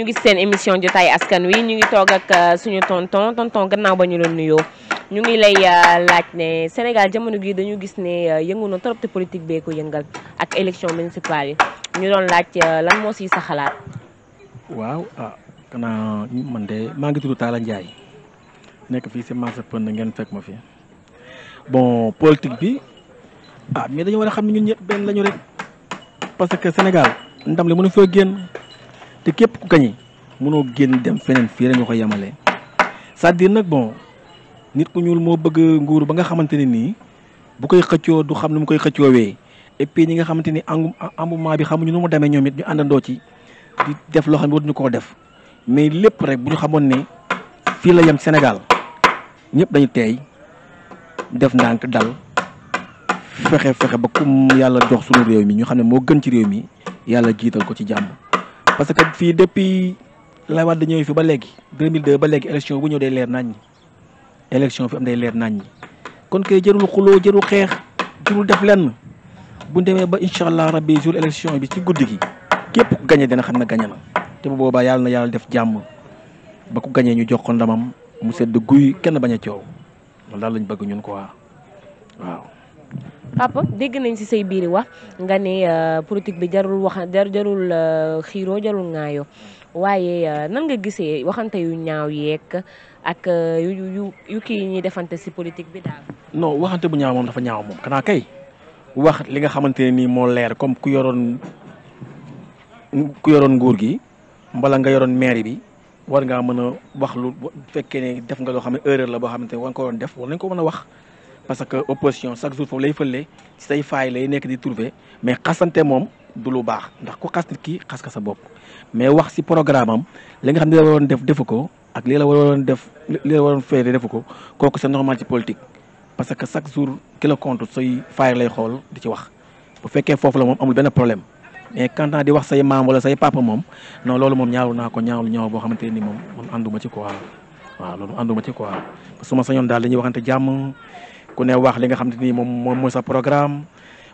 ñu ngi seen émission jotaay askan wi ñu ngi toog ak euh, suñu tonton tonton gannaaw ba ñu la nuyoo ñu ngi lay euh, laaj ne Sénégal jamono gi dañu gis ne euh, yëngu na trop te politique bee ko yëngal ak élection municipale yi ñu doon laaj lan moo siy sa xalaat. waaw ah kanaa man maa ngi tudd Talla Ndiaye nekk fii si marché Pënd ngeen fekk ma fi bon politique bi ah mais dañu war a xam ne ñun ñëpp benn lañu rek parce que Sénégal ndam li mënu fee génn. te képp ku gañe mënoo génn dem feneen fii rek nga ko yemale cest à nag bon nit ku ñuul moo bëgg nguur ba nga xamante ne nii bu koy xëccoo du xam nu mu koy xëccoowee et puis ñi nga xamante ni engou engouement bi xamuñu nu mu demee ñoom it ñu àndandoo ci di def loo xam ne waruñu koo def mais lépp rek bu ñu xamoon ne fii la yem senegal ñëpp dañu teey def ndànk dal fexe fexe ba kum yàlla jox suñu réew mi ñu xam ne moo gën ci réew mi yàlla jiital ko ci jàmm. parce que fii depuis la Wade ñëwee fi ba léegi 2002 ba léegi élection bu ñëw day leer nañ ñi élection fi am day leer nañ ñi kon kay jërul xuloo jërul xeex jërul def lenn bu demee ba incha allah rabbi jour élection bi ci guddi gi képp ku gañe dina xam na gañe na te bu boobaa yàlla na yàlla def jàmm ba ku gañee ñu jox ko ndamam mu sedd guy kenn bañ a coow loolu daal lañ bëgg ñun quoi waaw. papa dégg nañ si say biiri wax nga ne euh, politique bi jarul wax jarul euh, xiiroo jarul ŋaayoo waaye euh, nan nga gisee waxante yu ñaaw yeeg ak yu yu yu kii ñuy defante si politique bi daal. non waxante bu ñaaw moom dafa ñaaw moom xanaa kay wax li nga xamante ne nii moo leer comme ku yoroon yoroon nguur gi mbala nga yoroon maire bi war ngaa mën a wax lu bu fekkee ne def nga loo xam ne erreur la boo xamante ne war nga ko def war nañ ko mën a wax. parce que opposition chaque jour foofu lay fële ci say faay lay nekk di trouver mais xasante moom du lu baax ndax ku xas nit ki xas ka sa bopp mais wax si programme am xam ne la def ko ak lii la waroon defu ko kooku c'est normal ci politique parce que chaque jour ki la say faay lay xool di ci wax bu fekkee foofu la moom amul benn problème mais quand di wax say maam wala say papa moom non loolu moom ñaawlu naa ko ñaawlu ñaaw boo xamante ni moom moom ànduma ci quoi waaw loolu ànduma ci quoi parce que ma sañoon daal dañuy waxante jàmm ku ne wax li nga xam te ni moom moom mooy sa programme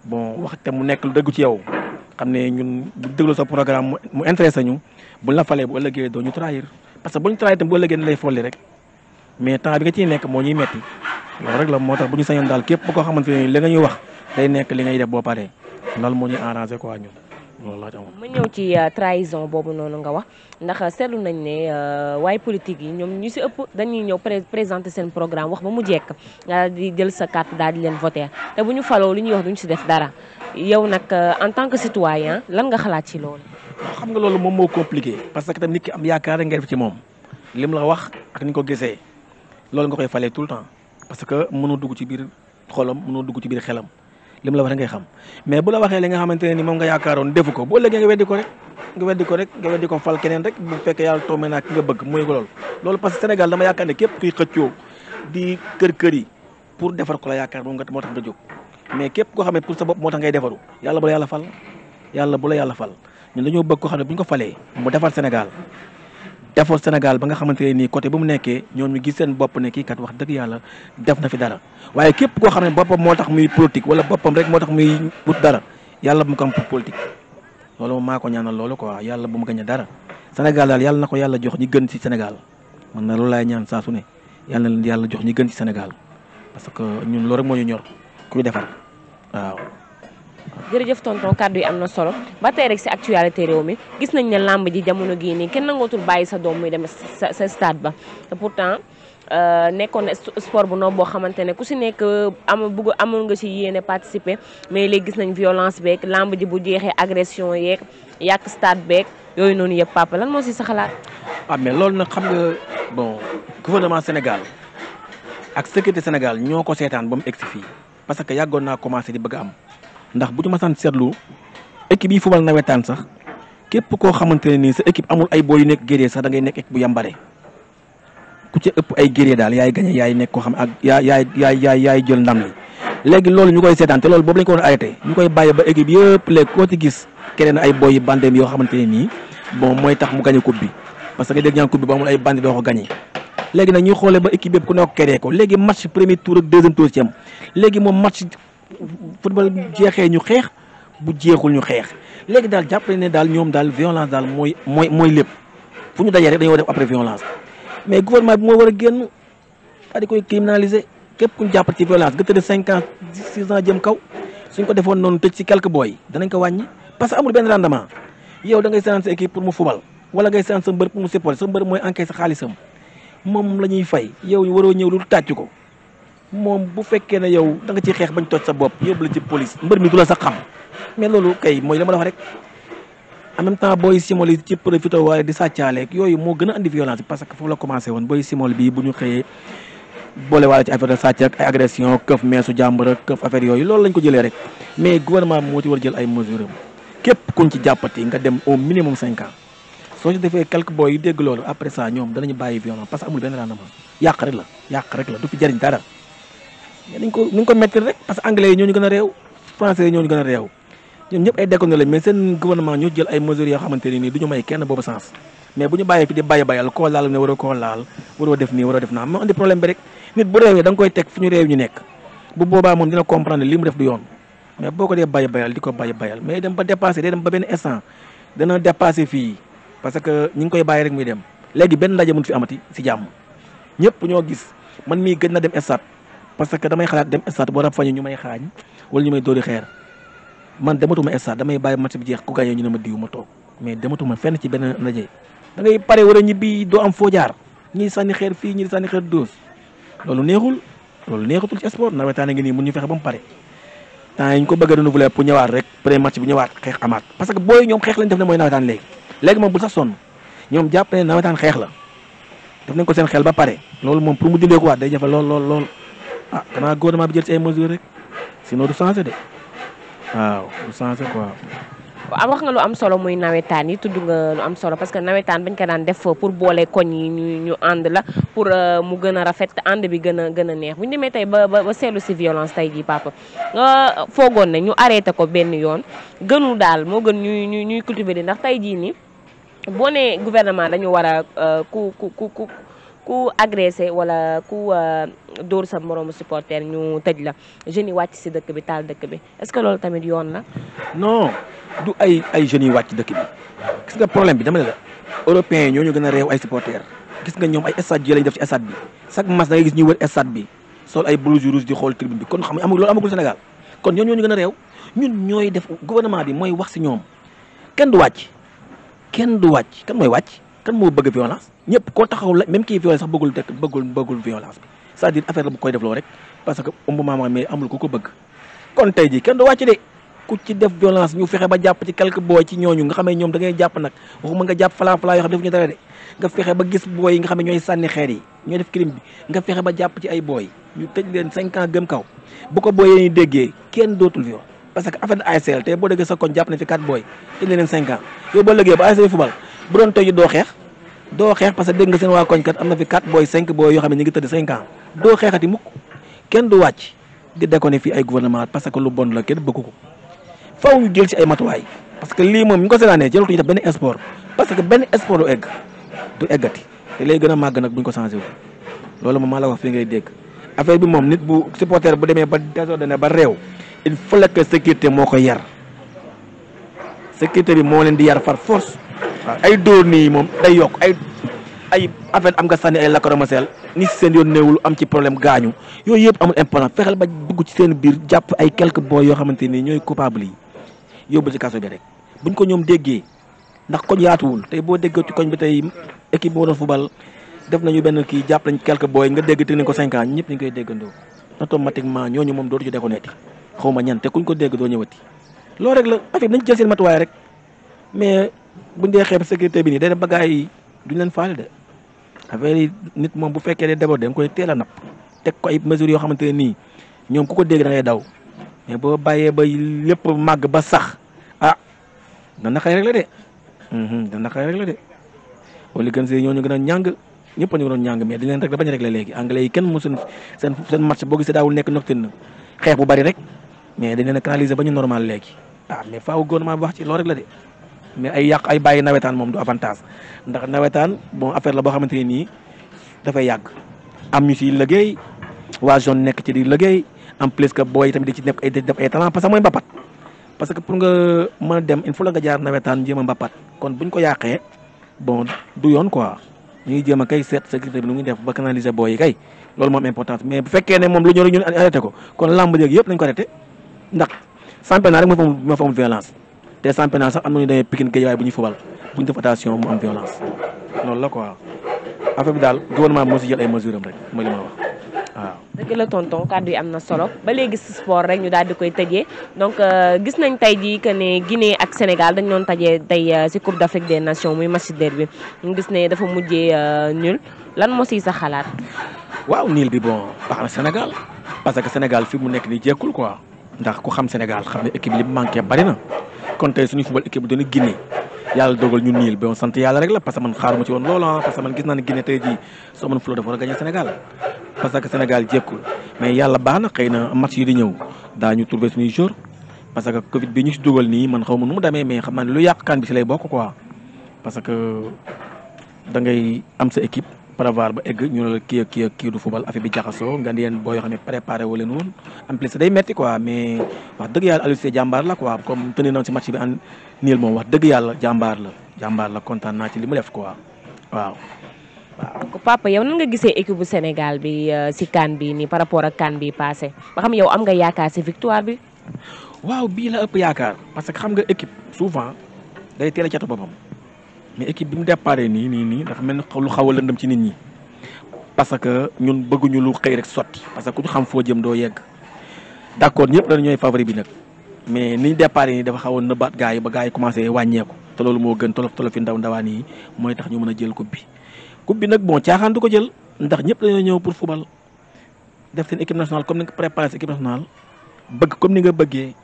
bon wax te mu nekk lu dëggu ci yow xam ne ñun bu déglu sa programme mu intéressé ñu buñ la falee bu ëllëgee doo ñu trahir parce que bu ñu trahir tam bu ëllëgee ne lay folli rek mais temps bi nga ciy nekk moo ñuy metti loolu rek la moo tax bu ñu sañoon daal képp koo xamante ne li nga ñuy wax day nekk li ngay def boo paree loolu moo ñuy ko quoi ñun. ma ñëw ci euh, trahison boobu noonu nga wax ndax seetlu nañ ne euh, waaye politique yi ñoom ñu si ëpp dañuy ñëw présenter seen programme wax ba mu jekk nga di jël sa carte daal di leen voter te bu ñu faloo lu ñuy wax duñu si def dara yow nag euh, en tant que citoyen lan nga xalaat ci loolu. xam nga loolu moom moo compliqué parce que tam nit ki am yaakaar ngay def ci moom lim la wax ak ñu ko gisee loolu nga koy falee tout le temps parce que mënoo dugg ci biir xolam munoo dugg ci biir xelam. lim la wax rek ngay xam mais bu la waxee li nga xamante ni moom nga yaakaaroon defu ko bu ëllëgee nga weddi ko rek nga weddi ko rek nga weddi fal keneen rek bu fekkee yàlla tombé nga bëgg mooy ko loolu loolu Sénégal dama yaakaar ne képp kuy xëccoo di kër kër pour defar ko la yaakaar moom nga moo tax nga jóg mais képp koo xam ne pour sa bopp moo tax ngay defaru yàlla bu la yàlla fal yàlla bu la yàlla fal ñun dañoo bëgg ko xam ne bu ñu ko falee mu defar Sénégal effort Sénégal ba nga xamante ne nii côté bu mu nekkee ñoom ñu gis seen bopp ne kii kat wax dëgg yàlla def na fi dara waaye képp koo xam ne boppam moo tax muy politique wala boppam rek moo tax muy wut dara yàlla bu mu ko am politique loolu moom maa ko yàlla bu mu gañ dara Sénégal daal yàlla na ko yàlla jox ñi gën ci Sénégal man na loolu laay ñaan saa su ne yàlla yàlla jox ñi gën ci Sénégal parce que ñun loolu rek moo ñu ñor kuy defar waaw jërëjëf tonton kàddu yi am na solo ba tey rek si actualité réew mi gis nañ ne làmb ji jamono gii nii kenn nangootul bàyyi sa doom muy dem sa sa stade ba te pourtant euh, nekkoon sport bu noo boo xamante ne ku si nekk euh, am bugg amul nga si yéene participer mais léegi gis nañ violence beeg làmb ji bu jeexee agression yeeg yàq stade beeg yooyu noonu yëpp papa lan moo si saxalaat xalaat. ah loolu nag xam nga bon gouvernement Sénégal ak sécurité Sénégal ñoo ko seetaan ba mu egsi fii parce que yàggoon naa commencé di bëgg am. ndax bu ñu masaan seetlu équipe yi fubal nawetaan sax képp koo xamante ne nii sa équipe amul ay booy yu nekk guerrier sax da ngay nekk équipe bu yambare ku ci ëpp ay guerrier daal yaay gañe yaay nekk koo xam ak yaay yaay yaay yaay yaay jël ndam li léegi loolu ñu koy seetaan te loolu boobu lañ ko woon arrêté ñu koy bàyyi ba équipe yëpp léegi koo ci gis keneen ay booy yu bandeem yoo xamante ne nii bon mooy tax mu gañe coupe bi parce que nga dégg ñaan coupe bi ba amul ay bandi doo ko football bu jeexee ñu xeex bu jeexul ñu xeex léegi daal jàppale ne daal ñoom daal violence daal mooy mooy mooy lépp fu ñu dajee rek dañoo def après violence mais gouvernement bi moo war a génn daal di koy criminaliser képp ku ñu ci violence nga tëdd cinq ans six ans jëm kaw suñ ko defoon noonu tëj ci quelque booy danañ ko wàññi parce que amul benn rendement yow da ngay séance sa équipe pour mu fubal wala ngay séance sa mbër pour mu mbër mooy encaisse sa xaalisam moom la ñuy fay yow ñu waroo ñëw lu tàcc ko. moom bu fekkee ne yow da nga xeex bañ toj sa bopp yóbbu la ci police mbër mi du la sa xam mais loolu kay mooy li ma la rek en même temps booy simol yi ci profité waaye di sàccaaleeg yooyu moo gën a andi parce que foofu la commencé woon booy simol bii bu ñu xëyee boole waale ci affaire de sàcc ak loolu lañ ko jëlee rek mais gouvernement bi moo ci war jël ay mesures am képp kuñ ci jàppati nga dem au minimum cinq ans soo ci defee quelques booy yu dégg loolu après ça bàyyi violence parce que amul benn rendement yàq rek la yàq du fi jëriñ dara nañ ko nañ ko mettre rek parce que anglais yi ñoo ñu gën a réew français yi ñoo ñu gën a réew ñoom ñëpp ay déconné lañ mais seen gouvernement ñoo jël ay mesures yoo xamante ne nii du ñu may kenn boobu sens mais bu ñu bàyyee fi di bàyyi bàyyal koo laal ne waroo koo laal waroo def nii waroo def naa moo indi problème bi rek nit bu réewee da nga koy teg fi ñu réew ñu nekk bu boobaa moom dina comprendre li mu def du yoon mais boo ko dee bàyyi bàyyal di ko bàyyi bàyyal mais dem ba dépassé day dem ba benn instant dana dépassé fii parce que ñi ngi koy bàyyi rek muy dem léegi benn ndaje mun fi amati si jàmm ñëpp ñoo gis man mii gëj na dem stade parce que damay xalaat dem stade boo rab fañu ñu may xaañ wala ñu may dóori xeer man dematuma stade damay bàyyi match bi jeex ku gaañoo ñu ne ma diw ma toog mais dematuma fenn ci benn ndaje da ngay pare war a ñibbi doo am foo jaar ñiy sànni xeer fii ñiy sànni xeer dóos loolu neexul loolu neexatul ci sport nawetaan ngi nii mun ñu fexe ba mu pare temps yi ñu ko bëgg a renouveler pour ñëwaat rek premier match bi ñëwaat xeex amaat parce que booy ñoom xeex lañ def ne mooy nawetaan léegi léegi moom bul sax xeex la ko xel ba pare loolu moom pour mu dindee ko waat lool lool lool ah xanaa gouvernement bi jël ci ay mesures rek sinon du changé de waaw du changé quoi. waaw wax nga lu am solo muy nawetaan yi tudd nga lu am solo parce que nawetaan bañ ko daan def pour boole koñ yi ñu ñu ànd la pour euh, mu gën a rafet ànd bi gën a gën a neex bu ñu demee tey ba ba seetlu si violence tey jii papa foogoon ne ñu arrêté ko benn yoon gënu daal moo gën ñuy ñuy ñuy cultiver di ndax tey jii nii boo nee guvernement dañu war a euh, ku ku ku. ku agressé wala ku euh, door sa moroomu supporter ñu tëj la jeunes yi wàcc si dëkk bi taal dëkk bi est-ce que loolu tamit yoon la. non du ay ay jeunes yi wàcc dëkk bi gis nga problème bi dama ne la européens ñoo ñu gën a réew ay supporters gis nga ñoom ay stade yi def ci stade bi chaque match da ngay gis ñuy wër stade bi sol ay blouse rouge di xool tribune bi kon xam nga amul loolu amagul Sénégal kon ñoo ñu gën a réew ñun ñooy def gouvernement bi mooy wax si ñoom kenn du wàcc kenn du wàcc kan mooy wàcc. kan moo bëgg violence ñëpp koo taxaw la même kii violence sax bëggul dekk bëggul bëggul violence bi c'est-à-dire affaire la bu koy defloo rek parce que ëmb maama mais amul ku ko bëgg kon tey ji kenn du violence ñu booy ñoom da ngay jàpp nag waxuma nga jàpp falaa falaa yoo xam ne defuñu dara de nga fexe ba gis booy yi nga ba jàpp yi kenn dootul viol parce que affaire de football bu doon tey doo xeex doo xeex parce que dégg nga seen waa koñ kat am na fi 4 booy 5 booy yoo xam ne ngi tëdd 5 ans doo xeexati mukk kenn du wàcc di déconné fi ay gouvernement parce que lu bon la kenn bëggu ko faw ñu jël ci ay matuwaay parce que lii moom ñu ko seetaanee jëlatuñu def benn sport parce que benn sport du egg du eggati te lay gën a màgg nag buñ ko changé wu loolu moom maa la wax fii ngay dégg affaire bi moom nit bu supporter bu demee ba désordonné ba réew il faut que sécurité moo ko yar sécurité bi moo leen di yar par force ay dóor nii moom day yokk ay ay affaire am nga sànni ay lacrymogène ni seen yoon néewul am ci problème gaañu yooyu yëpp amul important fexeel ba dugg ci seen biir jàpp ay quelques boy yoo xamante ni ñooy coupable yi yóbbu ci kaso bi rek buñ ko ñoom déggee ndax koñ yaatuwul tey boo déggee ci koñ bi tey équipe boo doon fubal def nañu benn kii jàpp nañ quelques boy nga dégg te nañ ko cinq ñëpp dañ koy déggandoo automatiquement ñooñu moom dootu ci déconnetti xaw ma ñan te kuñ ko dégg doo ñëwati loolu rek la affaire nañ jël seen matuwaay rek mais buñ dee xeeb sécurité bi nii day dem bagaay yi duñ leen faale de affaire nit moom bu fekkee day débordé da nga koy teel a napp teg ko ay mesures yoo xamante ne nii ñoom ku ko dégg da ngay daw mais boo bàyyee ba lépp màgg ba sax ah dana xëy rek la de mhm, a ñàng ñu doon ñàng mais dañ leen rek da bañ rek la léegi anglais yi kenn mu seen seen seen match boo gisee nekk nocturne xeex bu bari rek mais dañ ba ñu normal léegi ah mais wax ci loolu rek la de. mais ay yàq ay bàyyi nawetaan moom du avantage ndax nawetaan bon affaire la boo xamante ne nii dafay yàgg am ñu siy liggéey waa zone nekk ci di liggéey en plus que booy tamit di ci nekk ay def ay talent parce que mooy mbapat parce que pour nga mën dem il faut la nga jaar nawetaan jéem a mbapat kon buñ ko yàqee bon du yoon quoi ñu ngi jéem a kay seet sécurité bi nu ngi def ba canaliser booy yi kay loolu moom importance mais bu fekkee ne moom lu ñëw rek ñun arrêté ko kon làmb léegi yëpp nañ ko ndax championnat rek moo fa amul violence te championnat sax am na ñu demee Pikine Guédiawaye bu ñuy fubal bu ñu def mu am violence loolu la quoi affaire bi daal gouvernement bi moo si jël ay mesures am rek mooy li ma wax tonton kàddu yi am na solo ba léegi si sport rek ñu daal di koy tëjee donc euh, gis nañ tey jii que ne Guinée ak Sénégal dañ doon tajee tey euh, si Coupe d'Afrique des Nations muy match derby bi ñu gis ne dafa mujjee euh, nul lan mosi siy sa xalaat. waaw nul bi bon baax na Sénégal parce que Sénégal fi mu nekk nii jekkul quoi ndax ku xam Sénégal xam ne kon tey suñu football équipe bi dana Guinée yàlla dogal ñu niil ba sant yàlla rek la parce que man xaaruma ci woon loolu ah man gis naa ne Guinée tey jii soo mën flotte dafa war a Sénégal parce que Sénégal jekkul mais yàlla baax na xëy na match yi di ñëw daañu trouvé suñuy jour parce que Covid bi ñu si dugal nii man xaw ma nu mu demee mais xam naa ne lu yàq kan bi si lay bokk quoi parce que da ngay am sa équipe. prévoir ba egg ñu la kii ak kii ak kii du football affaire bi jaxasoo nga di yéen boo yoo xam ne préparé wu leen woon en plus day metti quoi mais wax dëgg yàlla Aliou jàmbaar la quoi comme tënee na bi an niil moom wax dëgg yàlla jàmbaar la jàmbaar la kontaan naa li mu def quoi waaw. waaw donc papa yow nan gisee équipe bu Sénégal bi si euh, kan bi nii par rapport ak kan bi passé ba xam yow am nga yaakaar si victoire bi. waaw bii la ëpp yaakaar parce que xam nga équipe souvent day teel a catu boppam. mais équipe bi mu départ nii nii nii dafa mel ni lu xaw a lëndëm ci nit ñi parce que ñun bëgguñu lu xëy rek sotti parce que ku ñu xam foo jëm doo yegg d' accord ñëpp dañu ñooy favori bi nag mais ni ñu départ nii dafa xaw a nëbbaat gars ba gars yi commencé wàññeeku te loolu moo gën tolof tolof yi ndaw ndawaan yi mooy tax ñu mën a jël coupe bi. coupe bi nag boo caaxaan du ko jël ndax ñëpp dañoo ñëw pour football def seen équipe nationale comme ni nga préparé sa bëgg comme ni nga bëggee.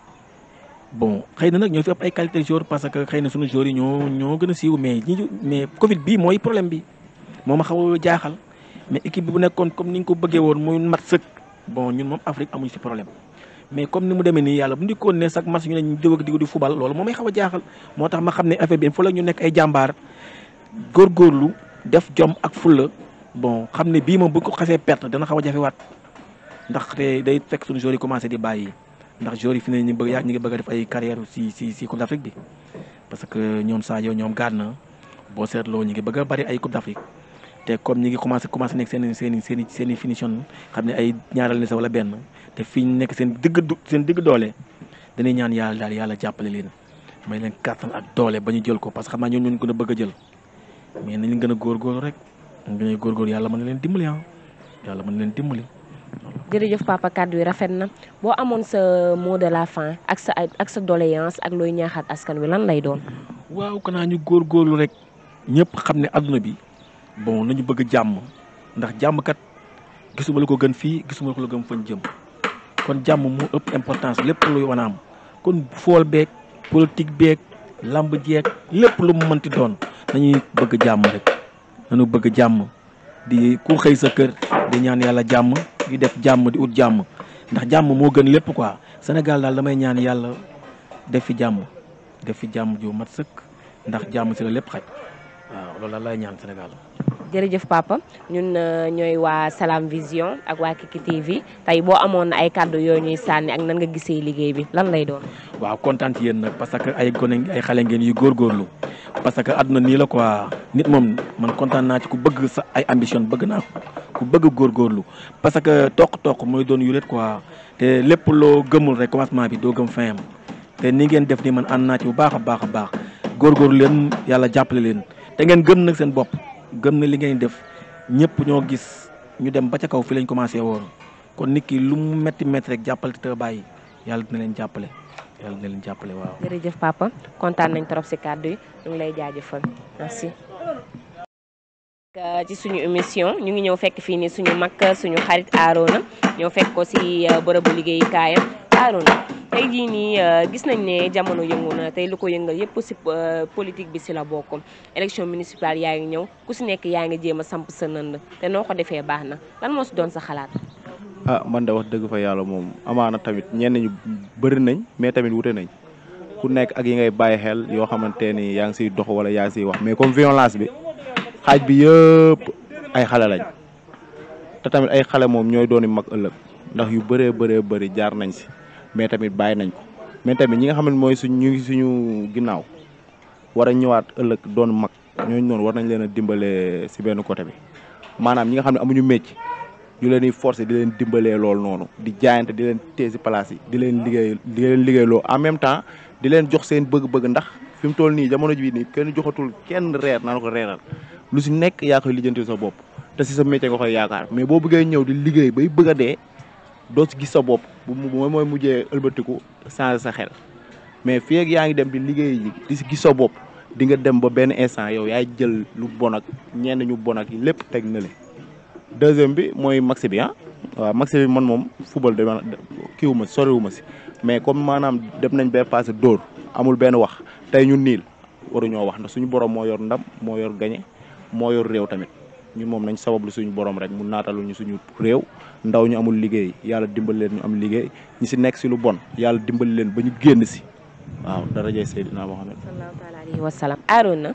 bon xëy na nag ñoo fi ëpp ay qualité joueur parce que xëy na suñu joueurs yi ñoo ñoo gën a siiw mais ñi mais Covid bii mooy problème bi moo ma xaw a jaaxal mais équipe bi nekkoon comme ni nga ko bëggee woon muy mat sëkk bon ñun moom Afrique amuñ problème mais comme ni mu demee nii yàlla bu ndikkoon ne chaque match ñu ne diw xaw a jaaxal moo tax ma xam ne affaire bi fa la ñu nekk ay jàmbaar góorgóorlu def jom ak fulla bon xam ne bii moom bu ko xasee perte dana xaw a jafewaat ndaxte day fekk sunu joueurs yi commencé di bàyyi. ndax joueurs yi fi ne ñu bëgg a def ay carrière si si d'Afrique bi parce que ñoom Sadio ñoom Gana boo seetloo ñu ngi bëgg bari ay Coupe d'Afrique te comme ñu ngi commencé commencé nekk seen seen seen i finition xam ne ay ñaaral ne sa wala benn te fi ñu nekk seen digg seen digg doole dañuy ñaan yàlla daal yàlla jàppale leen may leen kàttan ak doole ba ñu jël ko parce que xam naa ñoom gën a bëgg a jël mais nañ gën a góorgóorlu rek yàlla mën na leen dimbali ah yàlla mën na leen dimbali jërëjëf papa kàddu yi rafet na boo amoon sa mot de la fin ak sa ak sa doléance ak looy ñaaxaat askan wi lan lay doon. waaw kanaa ñu góor góorlu rek ñëpp xam ne adduna bi bon nañu bëgg jàmm ndax jàmm kat gisuma lu ko gën fii gisuma lu ko gën fañ jëm kon jàmm mu ëpp importance lépp luy am kon fool beeg politique beeg lamb jeeg lépp lu mu mënti doon nañuy bëgg jàmm rek nañu bëgg jàmm di ku xëy sa kër di ñaan yàlla jàmm. di def jàmm di ut jàmm ndax jàmm moo gën lépp ko Sénégal daal damay ñaan yàlla def fi jàmm def fi jàmm ju mat sëkk ndax jàmm si la lépp xaj waaw loolu daal laay ñaan Sénégal. jërëjëf papa ñun euh, ñooy waa Salam Vision ak waa Kiki TV tey boo amoon ay kàddu yooyu ñuy sànni ak nan nga gisee liggéey bi lan lay doon. waaw kontaan ci yéen nag parce que ay gone ay xale ngeen yu góorgóorlu parce que àdduna nii la quoi nit moom man kontaan naa ci ku bëgg sa ay ambition bëgg naa ku bëgg góor góorlu parce que toq-toq mooy doon yulet quoi te lépp loo gëmul rek commencement bi doo gëm fin am te ni ngeen def ni man ànd naa ci bu baax a baax a baax góorgóorlu leen yàlla jàppale leen te ngeen gëm nag seen bopp. gëm na liggéey ngeen def ñëpp ñoo gis ñu dem ba ca kaw fi lañ commencé woon kon nit ki lu mu métti métti rek jàppale te bàyyi yàlla dina leen jàppale yàlla dina leen jàppale waaw. jërëjëf papa kontaan nañ trop si kàddu yi ñu ngi lay jaajëfal merci. Euh, ci suñu émission ñu ngi ñëw fekk fii nii suñu mag suñu xarit Arona ñoo fekk ko si euh, bërëbu liggéeyukaayam. Arouna tey jii nii euh, gis nañ ne jamono yëngu tey lu ko yëngal yëpp si euh, politique bi si la bokk élection municipale yaa ngi ñëw ku si nekk yaa ngi jéem a samp sa nënd te noo ko defee baax na lan moo si doon sa xalaat. a ah, man de wax dëgg fa yàlla moom amaana tamit ñenn ñu bari nañ mais tamit wute nañ ku nekk ak yi ngay bàyyi xel yoo xamante ni yaa ngi siy dox wala yaa ngi siy wax mais comme violence bi xaaj bi yëpp ay xale lañ te tamit ay xale moom ñooy dooni mag ëllëg ndax yu bëree bëree bëri jaar nañ si. mais tamit bàyyi nañ ko mais tamit ñi nga xam mooy suñ ñu suñu ginnaaw war a ñëwaat ëllëg doon mag ñooñu noonu war nañ leen a dimbale si benn côté bi maanaam ñi nga xam ne amuñu métier ñu leen di forcer di leen dimbalee loolu noonu di jaayante di leen teesi place yi di leen liggéey di leen liggéeyloo en même temps di leen jox seen bëgg-bëgg ndax fi mu toll nii jamono ji nii kenn joxatul kenn reer naan ko reeral lu si nekk yaa koy lijjantil sa bopp te si sa métier nga koy yaakaar mais boo bëggee ñëw di liggéey bay bëgg dee doo ci gis sa bopp bu mu mooy mujjee ëlbatiku changer sa xel mais fii yaa ngi dem bi liggéey ji di si gis sa bopp di nga dem ba benn instant yow yaay jël lu bon ak ñenn ñu bon ak lépp teg na le deuxième bi mooy max bi ah waaw max bi man moom football dama kiiwu ma soriwu ma si mais comme maanaam dem nañ ba passé dóor amul benn wax tey ñu niil waruñoo wax ndax suñu borom moo yor ndam moo yor gañe moo yor réew tamit ñu moom nañ lu suñu borom rek mu naatalu ñu suñu réew ndaw ñu amul liggéey yàlla dimbali leen ñu am liggéey ñu si nekk si lu bon yàlla dimbali leen ba ñu génn si waaw darajay Seydina Muhammad sallallahu taala alayhi wa salaam Arona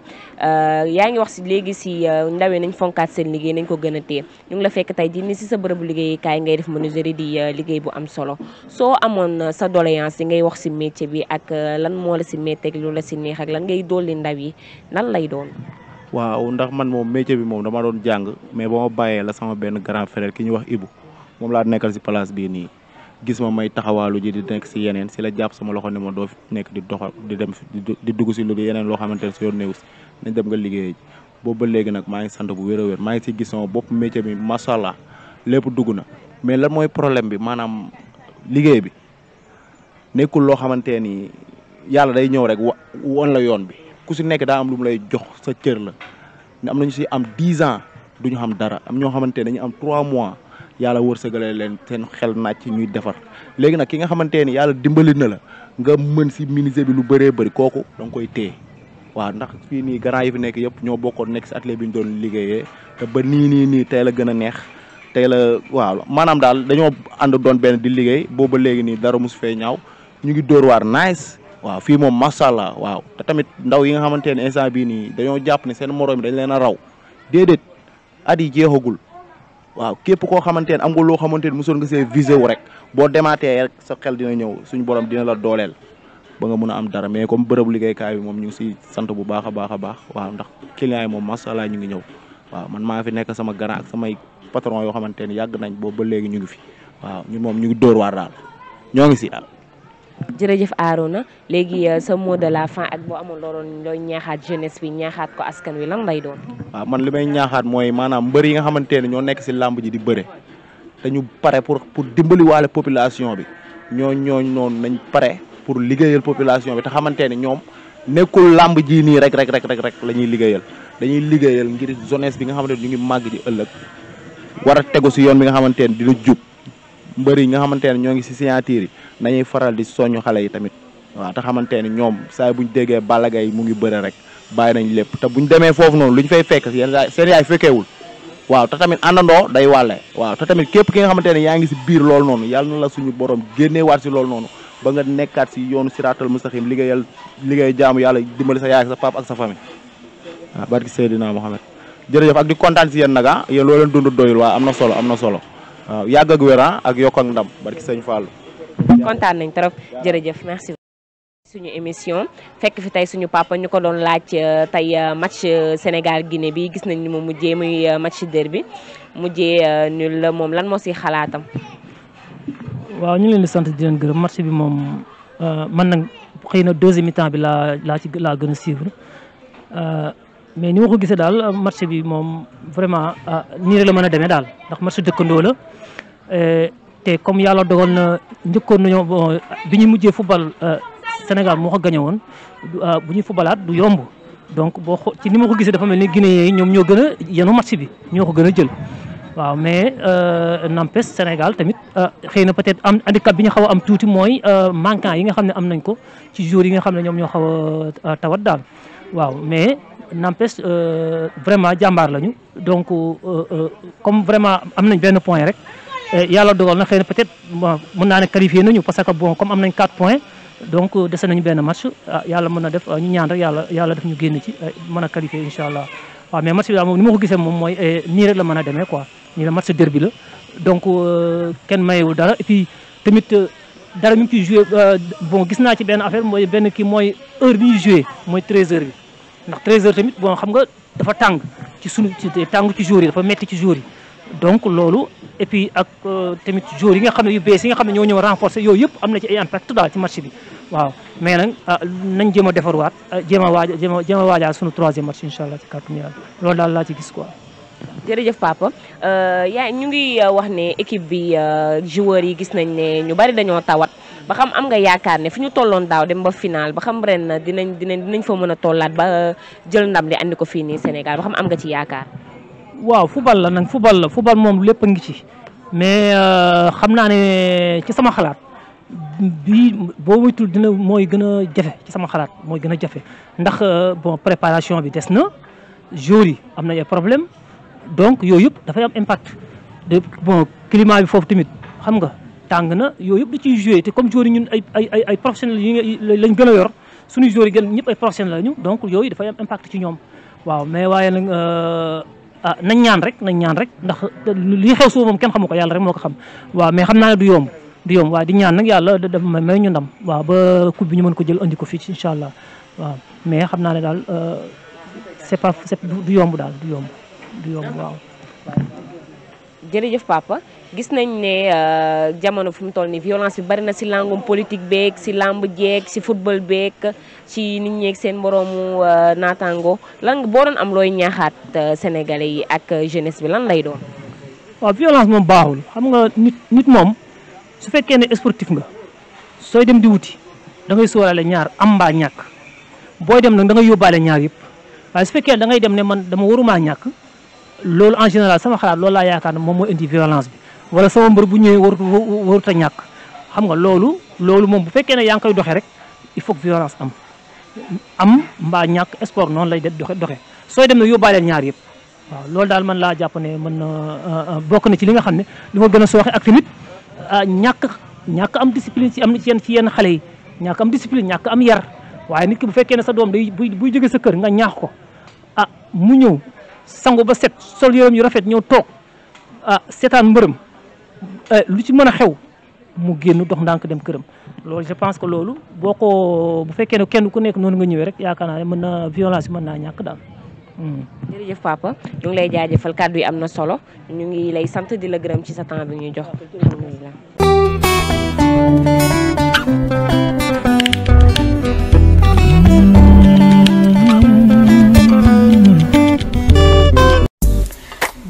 euh, yaa ngi wax si léegi si euh, ndawee nañ fonkaat seen liggéey nañ ko gën a téye ñu la fekk tey jii si sa bërëbu liggéeykaay ngay def menuiserie di euh, liggéey bu am solo soo amoon sa doléance yi ngay wax si métier bi ak lan moo la si métteeg lu la si neex ak lan ngay dolli ndaw yi nan lay doon waaw ndax man moom métier bi moom dama doon jàng mais ba bàyyee la sama benn grand frère ki ñuy wax Ibou moom laa nekkal si place bii nii gis ma may taxawaalu ji di nekk si yeneen si la jàpp sama loxo ne ma doo nekk di doxal di dem di dugg si lu di yeneen loo xamante ne si yoon néew si nañ dem nga liggéey boobu ba léegi nag maa ngi sant bu wér a wér maa ngi si gis sama bopp métier bi macha lépp dugg na mais lan mooy problème bi maanaam liggéey bi nekkul loo xamante ni yàlla day ñëw rek wa woon la yoon bi. ku si nekk daa am lu mu lay jox sa cër la am nañu si am dix ans duñu xam dara am ñoo xamante ne dañu am trois mois yàlla wërsëgale leen seen xel naaj ci ñuy defar léegi nag ki nga xamante ne yàlla dimbali na la nga mën si menuisier bi lu bëree bari kooku da nga koy téye waaw ndax fii nii grand yi fi nekk yëpp ñoo bokkoon nekk si atelier bi ñu doon liggéeyee te ba nii nii nii tey la gën a neex tey la waaw maanaam daal dañoo ànd doon benn di liggéey booba léegi nii dara mosu fee ñaaw ñu ngi dóor waar waaw fii moom macha allah waaw te tamit ndaw yi nga xamante ne instant bii nii dañoo jàpp ne seen moroom dañ leen a raw déedéet at yi jeexagul waaw képp koo xamante ne am nga loo xamante ne mosoon nga see visé wu rek boo demaatee rek sa xel dina ñëw suñu borom dina la dooleel ba nga mun a am dara mais comme bërëbu liggéeykaay bi moom ñu ngi siy sant bu baax a baax a baax waaw ndax client yi moom macha allah ñu ngi ñëw waaw man maa fi nekk sama grand ak samay patron yoo xamante ne yàgg nañ boobu ba léegi ñu ngi fi waaw ñun moom ñu ngi dóor waar daal ñoo ngi ah. jërëjëf Arouna léegi euh, sa mot de la fin ak boo amoon looloon looy ñaaxaat jeunesse bi ñaaxaat ko askan wi lan lay doon. waaw man li may ñaaxaat mooy maanaam mbër yi nga xamante ne ñoo nekk si làmb ji di bëre te ñu pare pour pour dimbaliwaale population bi ñooñ ñooñ noonu nañ pare pour liggéeyal population bi te xamante ne ñoom nekkul lamb ji nii rek rek rek rek rek la ñuy liggéeyal dañuy liggéeyal ngir jeunesse bi nga xamante ne ñu ngi màgg ji ëllëg war tegu si yoon bi nga xamante ne dina jub. mbër yi nga xamante ne ñoo ngi si signature yi nañuy faral di soññ xale yi tamit waa te xamante ne ñoom saa buñ déggee Balla Gaye mu ngi bëre rek bàyyi nañ lépp te buñ demee foofu noonu lu ñu fay fekk seen yaay seen yaay fekkeewul waaw te tamit àndandoo day wàlle waaw te tamit képp ki nga xamante ne yaa ngi si biir lool noonu yàlla na la suñu borom génneewaat si loolu noonu ba nga nekkaat si yoonu siraatal mustaxim liggéeyal liggéey jaamu yàlla dimbali sa yaay ak sa pap ak sa famille waaw barki Seydina Mohamed jërëjëf ak di kontaan yéen nag ah dund doyul waaw am na solo am na solo waaw yàgg ak wér ah, ak yokk ak ndam barki sëñ Fallou. kontaan nañ trop jërëjëf merci. suñu émission fekk fi tey suñu papa ñu ko doon laaj euh, tey euh, match euh, Sénégal Guinée bi gis nañ ni mu mujjee muy match derby mujjee nul la moom lan moo si xalaatam. waaw ñu leen di sant di leen match bi moom man nag xëy na deuxième mi-temps bi laa laa ci laa gën a suivre. mais ni ma ko gisee daal match bi moom vraiment ah, nii la mën a demee daal ndax match dëkkandoo la eh, te comme yàlla dogal na njëkkoon nañoo bon bi ñu mujjee football eh, Sénégal moo ko gagné woon ah, bu ñuy footballaat du yomb donc boo xoo ci ni ma ko gisee dafa mel ni Guinée ñoom ñoo gën a yenu match bi ñoo ko gën a jël. waaw mais eh, n'empêche Sénégal tamit xëy na peut-être am handicap bi ñu xaw a am tuuti mooy manquant yi nga xam ne am nañ ko ci jour yi nga xam ne ñoom ñoo xaw a tawat daal. waaw mais n'empêche euh, vraiment jàmbaar lañu donc euh, euh, comme vraiment am nañ benn point rek yàlla dogal na xëy na peut-être mën naa ne qualifié nañu parce que bon comme am nañ 4 points donc dese nañu benn match ah, yàlla mën na def ñu ñaan yàlla yàlla def ñu génn ci mën a qualifié incha allah waaw mais match bi daal moom ni ma ko gisee moom mooy nii rek la mën a demee quoi nii la match derby donc kenn mayewul dara et puis dara mi ngi ciy euh, bon gis naa ci benn affaire mooy benn kii mooy heure bi ñuy joué mooy 13 bi ndax 13h tamit bon xam nga dafa tàng ci sunu ci tàng ci jour yi dafa metti ci jour yi. donc loolu et puis ak euh, tamit jour yi nga xam ne yu bees nga xam ne ñoo ñëw yooyu yëpp am na ci ay impact daal ci match bi waaw mais nag ah, nañ jéem a defarwaat ah, jéem a waaj jéem a a waajaat sunu troisième match incha allah ci kàttu yàlla loolu daal laa ci gis quoi. jërëjëf papa euh, yaay ñu ngi euh, wax ne équipe bi euh, joueurs yi gis nañ ne ñu bari dañoo tawat ba xam am nga yaakaar ne fu ñu tolloon daaw dem ba final ba xam ren dinañ dinañ dinañ fa mën a tollaat ba jël ndam li andi ko fii nii Sénégal ba xam am nga ci yaakaar. waaw football la nag football la football moom lépp a ngi ci mais xam naa ne ci sama xalaat bi boo moytul dina mooy gën a jafe ci sama xalaat mooy gën a jafe ndax bon préparation bi des na joueurs yi am na ay problème donc yooyu yëpp dafay am impact de bon climat bi foofu tamit xam nga tàng na yooyu yëpp da ciy joué te comme joueurs yi ñun ay ay ay yi lañ gën a yor sunu joueurs yi gën ñëpp ay professionnels lañu donc yooyu dafay am impact ci ñoom waaw mais waaye nan euh, ah nañ ñaan rek nañ ñaan rek ndax li xew suba moom kenn xamu ko yàlla rek moo ko xam waaw mais xam naa ne du yomb du yomb waaye di ñaan nag yàlla dafa may ñu ndam waaw ba coupe bi mën ko jël andi ko fii incha allah waaw mais xam naa ne daal euh, c'est pas c'est du yomb daal du yomb du yomb waaw. gis nañ ne euh, jamono fu mu toll nii violence bi bari na si langum politique beeg si làmb jeeg si football beeg ci nit ñeeg seen moroomu euh, naataango lan boo doon am looy ñaaxaat euh, sénégalais yi ak jeunesse bi lan lay doon. waaw violence moom baaxul xam nga nit moom su fekkee ne sportif nga sooy dem di wuti da ngay sóoraale ñaar am mbaa ñàkk booy dem nag da ngay yóbbaale ñaar yëpp waaye su fekkee da ngay dem ne man dama waruma ñàkk. loolu en général sama xalaat loolu laa yaakaar ne moom mooy indi violence bi wala sama mbër bu ñëwee warut warut a ñàkk xam nga loolu loolu moom bu fekkee ne yaa ngi doxee rek il faut que violence am am mbaa ñàkk sport noonu lay doxe doxe sooy dem na yóbbaaleel ñaar yëpp loolu daal man laa jàpp ne mën na euh, euh, bokk na ci li xam ne li ma gën a sooxe ak tamit euh, ñàkk ñàkk am discipline ci am ci yenn ci yenn xale yi ñàkk am ñàkk am yar waaye nit ki bu fekkee ne sa doom day buy buy jóge sa kër nga ñaax ko ah mu ñëw sangu ba set sol yërëm yu rafet ñëw toog ah seetaan mbërëm eh, lu ci mën a xew mu génn dox ndànk dem këram loolu je pense que loolu boo ko bu fekkee ne kenn ku nekk noonu nga ñëwee rek yaakaar naa ne mën na violence mën naa ñàkk daal. Hmm. jërëjëf papa ñu lay jaajëfal kàddu am na solo ñu ngi lay sant di la gërëm ci sa temps bi ñuy jox alhamdulilah.